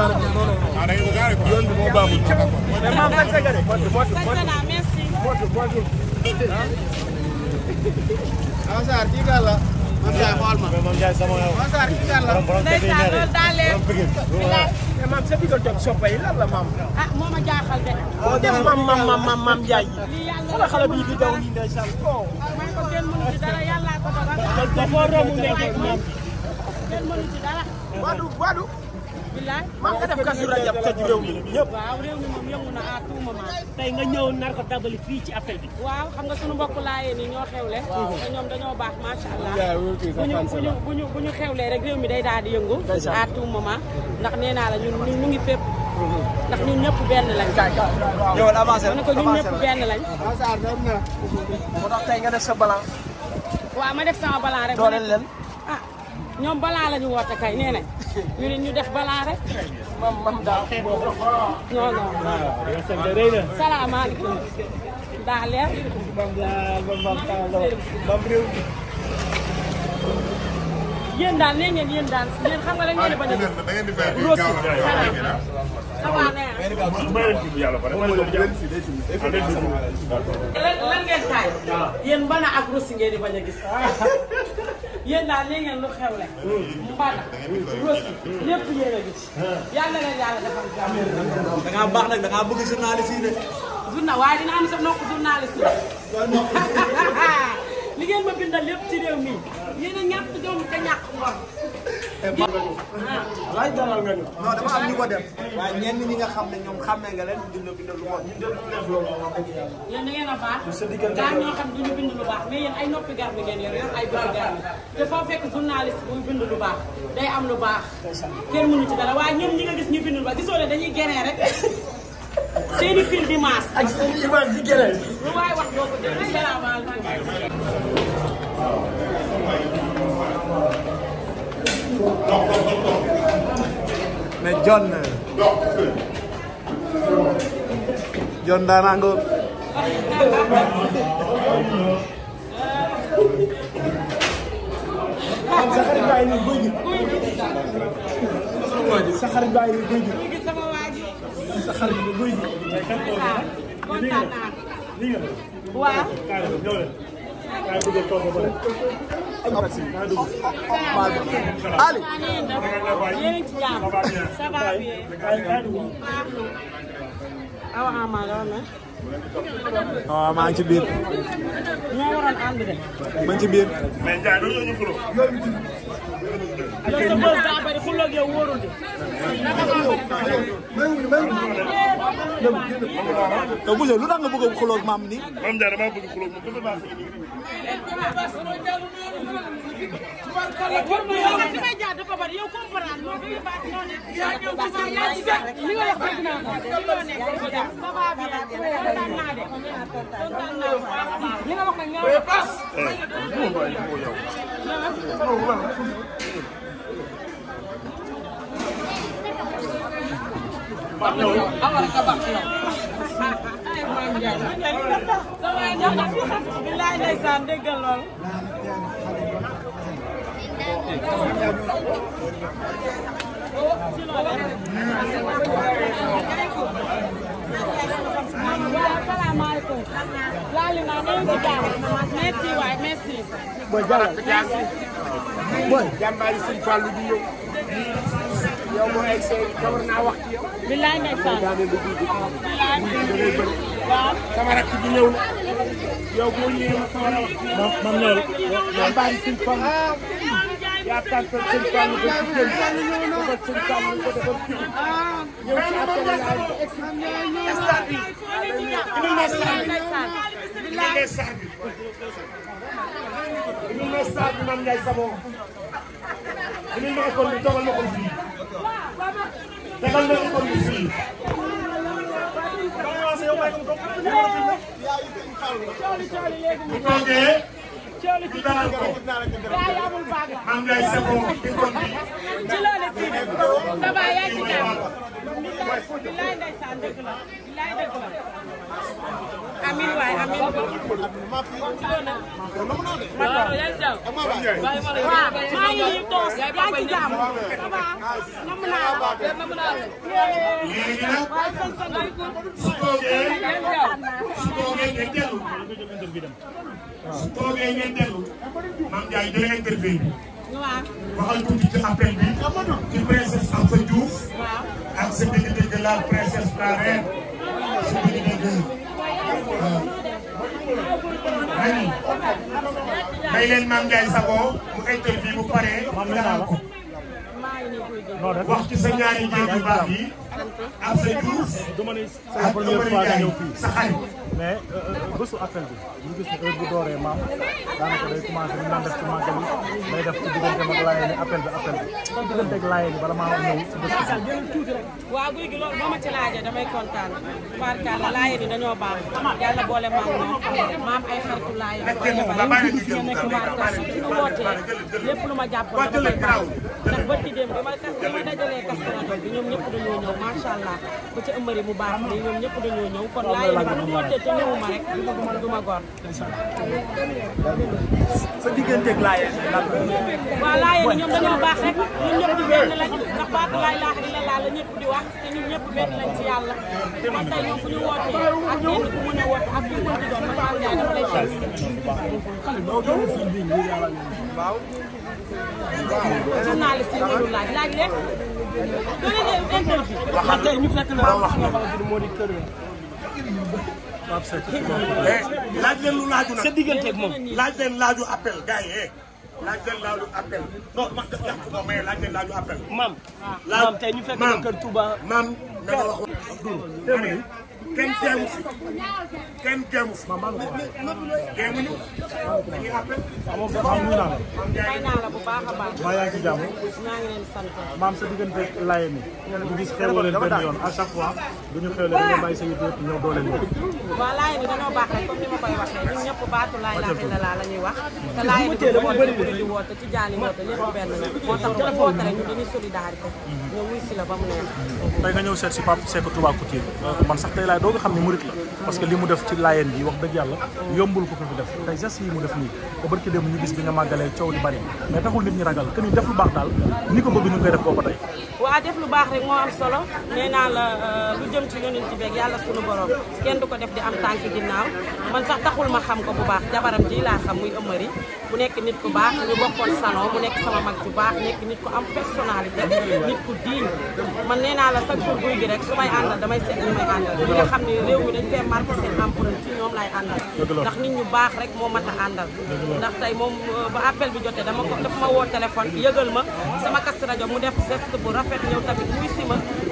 gaare bi non non yoon bi moo baaxul. mais maa ngi sëgg de. motu motu motu motu. ah Sarr kii gaal la. man jaay xool ma. man jaay sama yow. man Sarr kii gaal la. ndeysaan loolu daal leen. mais maam sa digal jog soppa yi lan la maam. ah moo ma jaaxal de. boo dem maam maam maam maam maam Ndiaye. xale xale bii di daw nii ndeysaan. man ko kenn mënu ci dara yàllaa ko dogal. dafa romb ndekki maam. kenn mënu ci dara. Wadu wadu. maa nga def kasu rajab ca ci réew mi ñëpp waaw réew mi moom yëngu na à tout moment nga ñëw nar ko fii ci appel bi waaw xam nga suñu mbokk laayee ni ñoo xewle te ñoom dañoo baax macha allah bu ñu xewlee rek réew mi day daal di yëngu à tout moment ndax nee naa la ñun ñu ngi fépp mm-hmm. ndax ñun ñëpp benn lañ. ñëwal avancé la ko ñun ñëpp benn lañ. moo tax sa balan. waaw ma def sama balan rek. dooleel leen ah ñoom balaa la ñu woote kay nee nañ. ñu ne ñu def balaa rek. mam mam daaw non non. salaamaaleykum. daa leer. yéen daal nee ngeen yéen daal yéen xam nga da ngeen di bañ a gis. rosi salaam. lan ngeen taay. yéen mbana ak rosi ngeen di bañ a gis. yéen daal lii ngeen lu xewle. mbana rosi lépp yéen a gis. yàlla na yàlla defal jàmm. da baax nag da ngaa bëgg journaliste yi de. journal waaye dina am sa nokk journaliste yi. li ngeen ma bindal lépp ci réew mi yéen a ñàkk doom te ñàkk ngor. alaaj dalal nga ñu non dama am ñu ko def waaye ñenn ñi nga xam ne ñoom xàmmee nga leen bind bind lu bon ñu def lu def loolu wax dëgg yàlla yéen da ngeen a baax sa bind lu baax mais ay noppi gar bi ngeen yor yor ay bind gar bi te foo fekk journaliste buy bind lu baax day am lu baax kenn mënu ci dara waaye ñoom ñi nga gis ñu bind lu baax gisoo leen dañuy geree rek seen i fil di maas ak seen i image di geree lu waay wax doo ko dégg dox dox dox dox. mais John. dox euh, kër. John daanaa nga. sa xarit baa ngi nii bëy gi. sa xarit baa ngi nii bëy gi. sa xarit bi bëy gi. waaw. Ali. awa Amar la woon waaw maa ngi ci biir. ma ci biir. mais lu tax nga bëgg a xuloo Pak, awal kabak ya. bilaay ndeysaan déggal lool salaamaaleykum laali naa na nga jaar merci waay merci boy boy jàmbaari sëñ Fallou di ñëw yow boo egsee war naa wax ci yow bilaay ndeysaan sama rakk bi ñëw na yow boo ñëwee ma sama rakk moom moom ñëw la mbaari sëñ Fall yaa tàntal sëñ Fall ba ci jëm defal sëñ Fall ko defal ci ñëw ci appel laay instant bi indi na saar bi indi na saar bi indi na saar bi man ngay saboo indi na école bi dogal ma ko fii dogal ma école bi fii bu toogee ñu dalal ko am ngay sebo ci kon bi ci loolu si sa baay yaa ci jàmm bilaay ndeysaan dëgg la bilaay dëgg la amin waay amin ma fi maa ngi nii toog yaa ci jàmm ça va namm naa la léegi nag su toogee ngeen dellu su toogee ngeen dellu maam Ndiaye jëlee interview bi. waxal tuuti ci appel bi ci princesse Absa Diouf ak sa diggante la princesse la reine sa diggante waaw. mani may leen maam Ndiaye Sakho mu interview bu paree dalal ko wax ci sa ñaari jéeg yu baax yi. Abdoulaye Diouf dama ne c'est la première fois nga ñëw fii mais bésu appel bi ñu gis heure bu dooree maam daanaka day commencé ñu naan def ci màggal yi day def ci diggante mag laayee ni appel bi appel bi diggante ak laayee ni bala maa ñëw si bés bi. waaw guy gi loolu boo ma ci laajee damay kontaan barkaal la laayee ni dañoo baax yàlla boole maam ñoom maam ay xaritu laayee ba pare ñu gis nekk markas suñu wootee lépp lu ma jàppoon dama koy baax ndax ba ci démb bi ma dajalee kas bi ñoom ñëpp dañoo ñëw macha allah ku ci ëmbari mu baax ni ñoom ñëpp dañoo ñëw kon laa yéen a mën a te ñëwuma rek du sa digganteeg laa yéen lan waaw laa lañ ndax baatu laa ilaaha illallaah la ñëpp ñu wootee ak kenn ku mën a woote ak ku mën di doon man Mame Ndiaye daf lay seet. waaw journaliste yi ñu laaj laaj leen. waxal ma wax la laaj leen lu laaju nag sa diggante ak moom laaj leen laaju appel gars yi laaj leen laaju appel non wax dëgg ko mais laaj leen laaju appel. maam maam tey ñu fekk na kër Touba maam na nga wax dund. kenn teewu fi kenn teewu fi. amoo ba xam fay naa la bu baax a baax. maa yaa ngi ci jàmm. maam sa diggante laay mi. ñu gis xewoo leen benn yoon à chaque fois. bu ñu sa ma koy la ñuy wax. te laay mi dafa woote bu di woote ci jaani woote lépp benn la moo tax ku woote rek la ba mu neex. tey nga ñëw seet si Pape Seck Touba Couture man sax tey doo nga xam ne murit la parce que li mu def ci laayeen bi wax dëgg yàlla yombul ko ko fi def tey geste yi mu def nii ba barki dem ñu gis bi nga màggalee coow li bari mais taxul nit ñi ragal que ni def lu baax daal ni ko bëgg ñu ngi koy def boobu tey waaw def lu baax rek moo am solo nee naa la euh, lu jëm ci yonent ci beeg yàlla sunu borom kenn du ko def di am tànk ginnaaw man sax taxul ma xam ko bu baax jabaram ji laa xam muy ëmmëri bu nekk nit ku baax ñu bokkoon salon mu nekk sama mag bu baax nekk nit ku am personnalité nit ku diin man nee naa la chaque jour guy gi rek su may àndal damay seet li may àndal xam ne réew mi dañ fee marqué seen empreinte ci ñoom lay àndal ndax nit ñu baax rek moo mat a àndal ndax tey moom euh, ba appel bi jotee dama ko daf ma woo téléphone yëgal ma sama kast rajo mu def geste bu rafet ñëw tamit muy si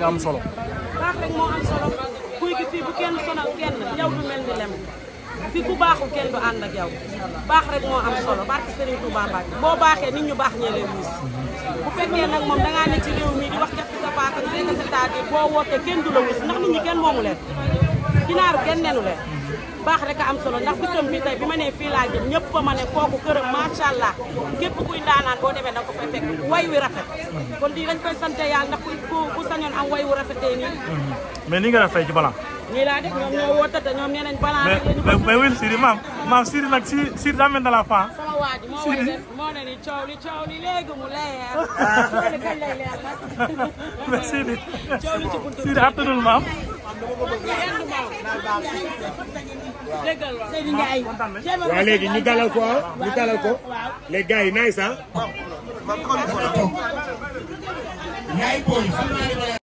rek am solo. baax rek moo am solo kuy gi fii bu kenn sonal kenn yow du mel ni lem fi ku baaxul kenn du ànd ak yow baax rek moo am solo barke Serigne Touba Mbacke boo baaxee nit ñu baax ñee leen wis bu fekkee nag moom dangaa ne ci réew mi di wax def ci sa paaka nekk cest à boo wootee kenn du la wis ndax nit ñi kenn moomu ginaaru kenn nenu leen baax rek a am solo ndax bisam bi tey bi ma nee fii laa ñëpp a ma ne kooku këram macha allah képp kuy ndaanaan boo demee da nga ko fay fekk way wi rafet kon lii dañ koy sante yàlla ndax ku sañoon am way wu rafetee nii mais ni nga wil Siri maam maam Siri nag Siri Siri daa la faa sama waa ji ni coow li coow li léegi mu leer loolu kañ lay leer nag mais Siri Siri attanul maam waaw léegi ñu dalal ko ah ñu dalal ko les gars yi naay ah.